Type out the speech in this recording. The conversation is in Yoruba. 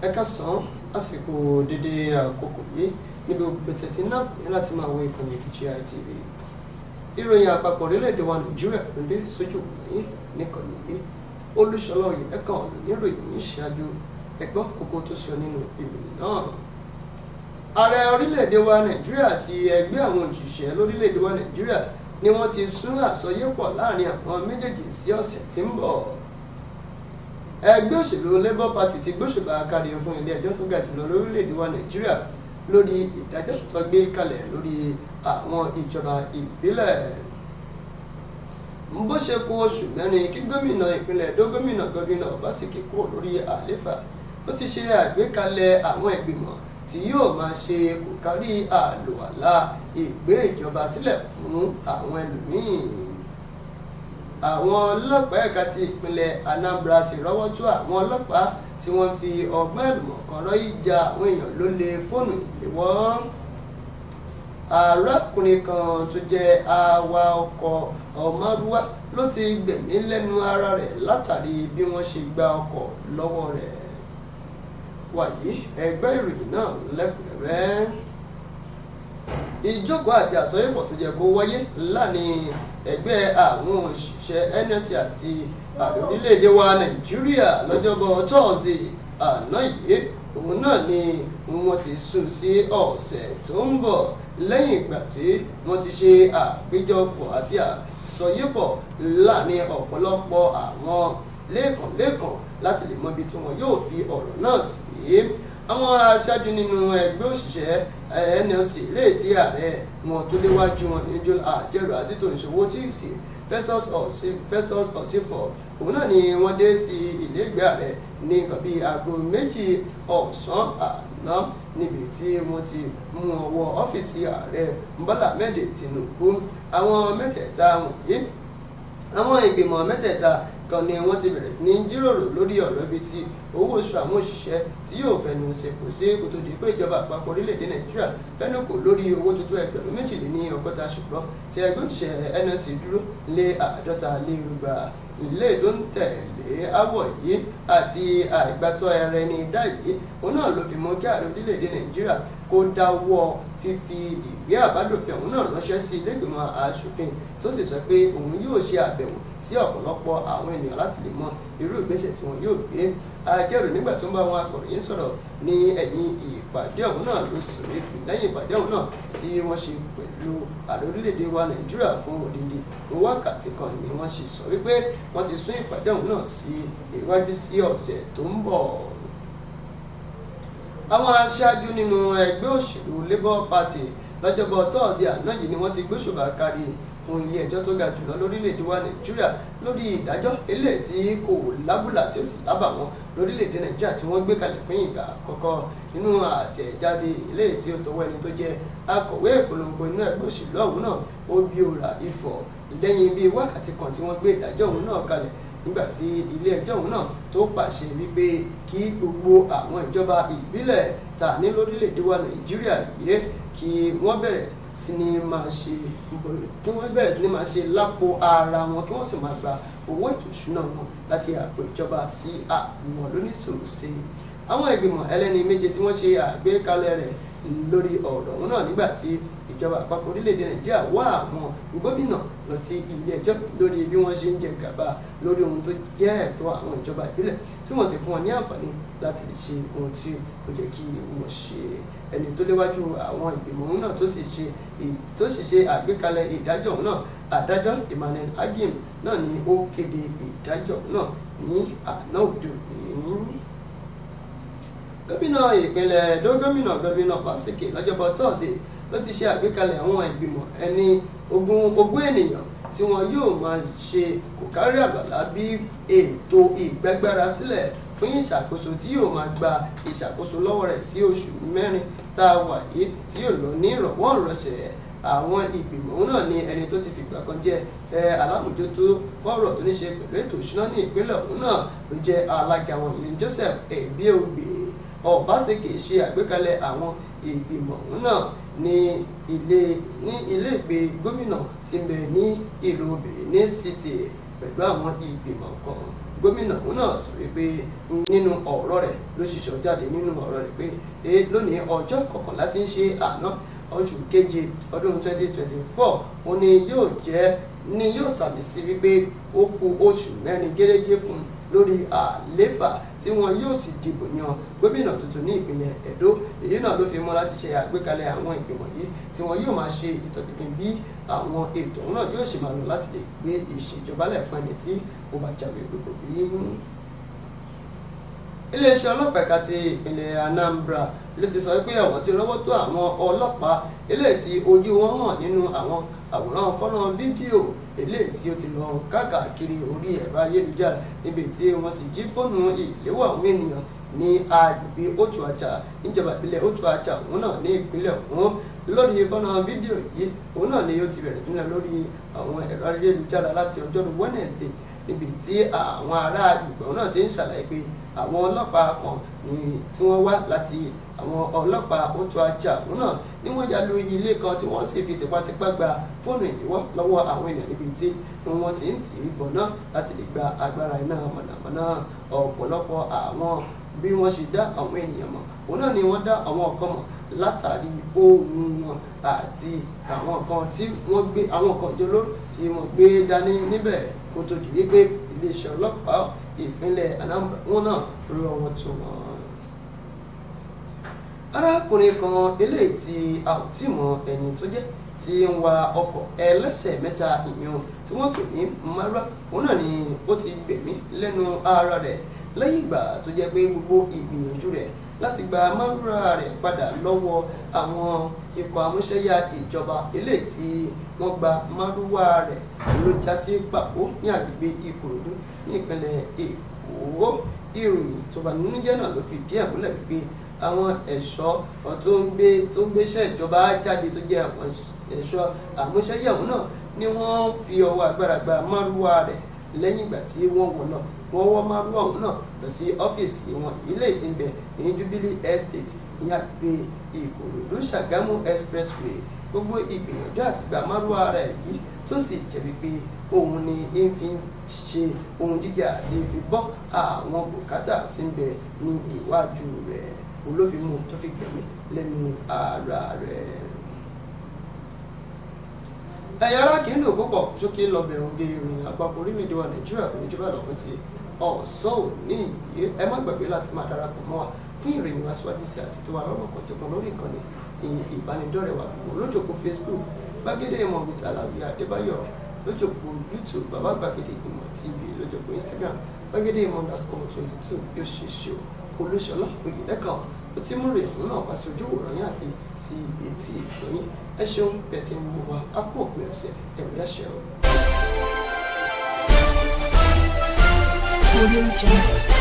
ẹ káàsán àsìkò dédé àkókò yìí níbi gbogbo tẹ̀tí náà ní láti máa wo ìkànnì BGI TV ìròyìn àpapọ̀ orílẹ̀-èdè wa nàìjíríà ló dé sójú wọ̀nyí nìkànnì yìí olúṣọlá oyè ẹ̀ka ọ̀nà níròyìn yìí ṣáájú ẹ̀gbọ́n kókó tó sọ nínú ìròyìn náà ààrẹ orílẹ̀-èdè wa nàìjíríà àti ẹgbẹ́ àwọn òṣìṣẹ́ lórílẹ̀-èdè wa nàìjíríà ni wọ́n ti sún àsọyépọ̀ láàrin àwọn méjèèjì sí ọ̀sẹ̀ tí ń bọ̀ ẹgbẹ́ òṣèlú labour party ti gbóṣùbà akadéyọ fún ilé ẹjọ́ tó ga jùlọ lórílẹ̀‐èdè wa nàìjíríà lórí ìdájọ́ tó gbé kalẹ̀ lórí àwọn ìjọba ìbílẹ̀ bó ṣe kù oṣù mẹ́rin kí gómìnà ìpínlẹ̀ èdò gómìnà gómìnà ọbaṣẹ́kì kúrò lórí àléfà ó ti ṣe àgbékalẹ̀ àwọn ìgbìmọ̀ tí yóò máa ṣe kò kárí àlòàlà ìgbé ìjọba sílẹ̀ fún àwọn ẹlòmíín àwọn ọlọ́pàá ẹ̀ka ti ìpínlẹ̀ Anambra ti rọ́wọ́ tó àwọn ọlọ́pàá tí wọ́n fi ọgbọ́n ẹ̀lùmọ̀kọ́rọ́ ìjà àwọn èèyàn lólè fóònù ìléwọ́ arákùnrin kan tó jẹ́ awa ọkọ̀ ọmọrúwá ló ti gbẹ̀mí lẹ́nu ara rẹ̀ látàrí bí wọ́n ṣe gba ọkọ̀ lọ́wọ́ rẹ̀ wàyí ẹgbẹ́ ìròyìn náà lẹ́kùnrẹ́rẹ́ ìjókòó àti àsọyépọ̀ tó yẹ kó wáyé láàrin ẹgbẹ́ àwọn òṣìṣẹ́ nsc àti ààrẹ orílẹ̀-èdè wa nàìjíríà lọ́jọ́bọ̀ thursday àná yìí òun náà ni wọ́n ti sún sí ọ̀sẹ̀ tó ń bọ̀ lẹ́yìn ìgbà tí wọ́n ti ṣe àpéjọpọ̀ àti àsọyépọ̀ láàrin ọ̀pọ̀lọpọ̀ àwọn lẹ́ẹ̀kànlẹ́ẹ̀kàn láti lè mọ ibi tí wọ́n yóò fi ọ̀rọ̀ náà sí àwọn aṣáájú nínú ẹgbẹ́ òṣìṣẹ́ NLC léètí ààrẹ wọn tó léwájú wọn níjọ àjẹrò àti tòǹṣòwò tí ì sí Festus Osifo òun náà ni wọ́n dé sí ilégbèé ààrẹ ní nǹkan bíi aago méjì ọ̀sán àná níbi tí wọ́n ti mú ọwọ́ ọ́fíìsì ààrẹ Bọ́lá Ahmed Tinubu àwọn mẹ́tẹ̀ẹ̀ta wọ̀nyí àwọn ìgbìmọ̀ mẹ́tẹ̀ẹ̀ta kan ni wọ́n ti bẹ̀rẹ̀ sí ní jíròrò lórí ọ̀rọ̀ ibi tí owó oṣù àwọn òṣìṣẹ́ tí yóò fẹnu ṣe kò sí kó tó di pé ìjọba àpapọ̀ orílẹ̀-èdè nàìjíríà fẹnu kò lórí owó tuntun ẹgbẹ̀rún méjìlél ní ọgọ́ta ṣùgbọ́n tí ẹgbẹ́ òṣìṣẹ́ nsc dúró lé àádọ́ta lé irúgbà ilé tó ń tẹ̀lé àwọ̀ yìí àti àìgbàtọ́ ẹrẹ ní dá yìí òun náà ló fi mú kí ààrẹ orílẹ̀-èdè nàìjíríà kó dáwọ́ fífi ìgbé àbádòfin ọ̀hún náà ránṣẹ́ sí ilégbèmọ̀ aṣòfin tó sì sọ pé òun yóò ṣe àbẹ̀wò sí ọ̀pọ̀lọpọ̀ àwọn ènìyàn láti lè mọ irú ìgbésẹ̀ tí wọn yóò gbé ajẹ́rò nígbà tó ń bá àwọn akọ̀ròyìn sọ̀rọ̀ ní ẹ̀yìn ìpàdé ọ̀hún náà ló sì rí lẹ́yìn ìpàdé ọ̀hún náà tí wọ́n ṣe pẹ̀lú ààrẹ orílẹ̀-èdè wa nàìjíríà fún odidi wákàtí kan ni wọ́n ṣe sọ wípé wọ́n ti sún ìpàdé ọ̀hún náà sí iwájú sí ọ̀sẹ̀ tó ń bọ̀ àwọn aṣáájú nínú ẹgbẹ́ òṣèlú Labour Party lọ́jọ́bọ̀ tọ́ọ̀sì àná yìí ni wọ́n ti gbóṣùbà kárí fún ilé ẹjọ́ tó ga jùlọ lórílẹ̀‐èdè wa nàìjíríà lórí ìdájọ́ eléyìí tí kò lábùlà tí ó sì lábàwọ́n lórílẹ̀‐èdè nàìjíríà tí wọ́n gbé kalẹ̀ fún ìgbà àkọ́kọ́ nínú àtẹ̀jáde eléyìí tí ó tọwọ́ ẹni tó jẹ́ akọ̀wé ìpolongo inú ẹgbẹ́ òṣèlú ọ̀hún náà ó bí òrà ifọ̀ lẹ́yìn bíi wákàtí kan tí wọ́n gbé ìdájọ́ ọ̀hún náà kalẹ̀ nígbà tí ilé ẹjọ́ òun náà tó pàṣẹ wípé kí gbogbo àwọn ìjọba ìbílẹ̀ ta ní lórílẹ̀‐èdè wa nàìjíríà yìí kí wọ́n bẹ̀rẹ̀ sí ni máa ṣe kí wọ́n bẹ̀rẹ̀ sí ni máa ṣe lápò ara wọn kí wọ́n sì máa gba owó ètò ìṣúná wọn láti àpò ìjọba sí àwọn lóníṣòwò sí i àwọn ìgbìmọ̀ ẹlẹ́ni méje tí wọ́n ṣe àgbékalẹ̀ rẹ̀ lórí ọ̀rọ̀ ọ̀hún náà nígbà tí ìjọba àpapọ̀ orílẹ̀-èdè nàìjíríà wá àwọn gómìnà lọ sí ilé ẹjọ́ lórí bí wọ́n ṣe ń jẹ gàba lórí ohun tó jẹ́ ẹ̀tọ́ àwọn ìjọba ìbílẹ̀ tí wọ́n sì fún wọn ní àǹfààní láti lè ṣe ohun tí ó jẹ́ kí wọ́n ṣe ẹni tó léwájú àwọn ìgbìmọ̀ ọ̀hún náà tó sì ṣe tó sì ṣe àgbékalẹ̀ ìdájọ́ ọ̀hún náà adájọ́ Emmanuel Agim náà ni ó kéde ìdájọ́ náà ní àná òde òní gómìnà ìpínlẹ̀ Ẹdó gómìnà Godwin Obaseki lọ́jọ́bọ̀ tọ́sí ló ti ṣe àgbékalẹ̀ àwọn ìgbìmọ̀ ẹni ogún ogún ènìyàn tí wọn yóò máa ṣe kò kárí àgbàlá bí ètò ìgbẹ́gbẹ́ra sílẹ̀ fún ìṣàkóso tí yóò máa gba ìṣàkóso lọ́wọ́ rẹ̀ sí oṣù mẹ́rin tá a wà yìí tí yóò lọ ní ìrọ̀wọ́ ìrọ̀sẹ̀ àwọn ìgbìmọ̀ òun náà ni ẹni tó ti fìgbà kan jẹ́ ẹ alámòjútó fọ́rọ̀ tó ní ṣe pẹ̀lú ètò ìṣúná ní ìpínlẹ̀ òun náà ló jẹ́ alága wọn ìyẹn Joseph Ebiobi ọbaṣẹkì ṣe àgbékalẹ̀ àwọn ìgbìmọ̀ náà ní ilé ní ilé ìgbé gómìnà tí ń bẹ ní ìlú Benin City pẹ̀lú àwọn ìgbìmọ̀ kan gómìnà náà sọ wípé nínú ọ̀rọ̀ rẹ̀ ló ṣiṣọ́ jáde nínú ọ̀rọ̀ rẹ̀ pé lónìí ọjọ́ kọkànlá tí ń ṣe àná oṣù keje ọdún 2024 òun ni yóò jẹ́ ni yóò sàmì sí wípé ó kù oṣù mẹ́rin gẹ́gẹ́ fún un lórí àléfà tí wọn yóò sì dìbò yan gómìnà tuntun ní ìpínlẹ̀ Ẹdó èyí náà ló fi mú láti ṣe àgbékalẹ̀ àwọn ìgbìmọ̀ yìí tí wọn yóò máa ṣe ìtọ́jú bí àwọn ètò náà yóò ṣe máa lọ láti lè gbé ìṣèjọba lẹ̀ fún ẹni tí ó bá jáwé gbogbo yìí iléeṣẹ́ ọlọ́pàá ẹ̀ka ti ìpínlẹ̀ Anambra ló ti sọ pé àwọn ti rọ́wọ́ tó àwọn ọlọ́pàá eléyìí tí ojú wọn hàn nínú àwọn àwòrán fọ́nrán fídíò eléyìí tí ó ti lọ káàkiri orí ẹ̀rọ ayélujára níbi tí wọ́n ti jí fóònù ìléwọ́ àwọn ènìyàn ní agbègbè otu àjà níjọba ìbílẹ̀ otu àjà òun náà ní ìpínlẹ̀ ọ̀hún lórí fọ́nrán fídíò yìí òun náà ni ó ti bẹ̀rẹ̀ sílẹ̀ lórí àwọn ẹ̀rọ ayélujára láti ọjọ́rú Wednesday níbi tí àwọn ará agbègbè náà ti ń ṣàlàyé pé àwọn ọlọ́pàá kan ní tí wọ́n wá láti àwọn ọlọ́pàá otu ajá òun náà ni wọ́n ya lu ilé kan tí wọ́n sì fi tipátipá gba fóònù ìléwọ́ lọ́wọ́ àwọn èèyàn níbi tí wọ́n ti ń tì í bọ̀ náà láti lè gba agbára iná mọ̀nàmọ́ná ọ̀pọ̀lọpọ̀ àwọn bí wọ́n ṣe dá àwọn ènìyàn mọ̀ òun náà ni wọ́n dá àwọn ọ̀kan mọ̀ látàrí ohun wọn àti àwọn kan tí wọ́n gbé àwọn kan jọlọ́ tí wọ́n gbé dání níbẹ̀ kó tó di wípé iléeṣẹ́ ọlọ́pàá ìpínlẹ̀ Anambra wọn náà rí ọwọ́ tó wọn. arákùnrin kan eléyìí tí a ò tí mọ ẹni tó jẹ́ tí ń wa ọkọ̀ ẹlẹ́sẹ̀ mẹ́ta ìyún tí wọ́n pè ní mara òun náà ni ó ti gbẹ̀mí lẹ́nu ara rẹ̀ lẹ́yìn ìgbà tó jẹ́ pé gbogbo ìgbìyànjú rẹ̀ láti gba mọ́rúra rẹ̀ padà lọ́wọ́ àwọn ikọ̀ amúṣẹ́yà ìjọba eléyìí tí wọ́n gba mọ́rúwa rẹ̀ ló já sí pàkó ní agbègbè ìkòròdú ní ìpínlẹ̀ èkó ìròyìn tó bá nínú jẹ́ náà ló fi díẹ̀ múlẹ̀ wípé àwọn ẹ̀ṣọ́ tó ń gbé tó ń gbéṣẹ́ ìjọba jáde tó jẹ́ àwọn ẹ̀ṣọ́ àmúṣẹ́yẹ̀wò náà ni wọ́n fi ọwọ́ agbára gba mọ́rúwa rẹ̀ lẹ́yìn ìgbà tí wọ́n wọ̀ náà wọ́n wọ́ márùn ọ̀hún náà lọ sí ọ́fíìsì wọn ilé tí ń bẹ ní Jubilee Estate ní àgbè Ìkòròdú Ṣàgámù Expressway gbogbo ìgbìyànjú àti gba márùn ara ẹ̀ yìí tó sì jẹ́ wípé òun ni ń fi ṣe ohun jíjà àti fi bọ́ àwọn bùkátà tí ń bẹ ní iwájú rẹ̀ olófin mu tó fi gbẹ̀mí lẹ́nu ara rẹ̀ ẹ̀yà ara kì í lò púpọ̀ sókè lọ́bẹ̀ oge ìròyìn àpapọ̀ orílẹ̀-èdè wa nàìjíríà kò ní jù bá lọ́kọ́ ti ọ̀sọ́ òní yìí ẹ má gbàgbé láti máa darapọ̀ mọ́ wa fún ìròyìn wa síwájú sí àti tó wa lọ́rọ̀kọ̀ jọ̀kan lórí ìkànnì ìbánidọ́rẹ̀ wa lójòkó facebook gbàgede ìmọ̀ wìtí alábí adébáyọ̀ lójòkó youtube bàbá gbàgede ìmọ̀ tv lójòkó instagram gbàgede ìmọ̀ underscore twenty two yóò ṣe ṣe olóṣèlú àfòyè lẹ́kàn ó ti múlò ìròyìn náà wá sí ojú ìròyìn àti sí etí ìròyìn ẹ ṣeun bẹ́ẹ̀ tí wa á kú òpin ọ̀sẹ̀ ẹ̀rọ yẹn ṣe o.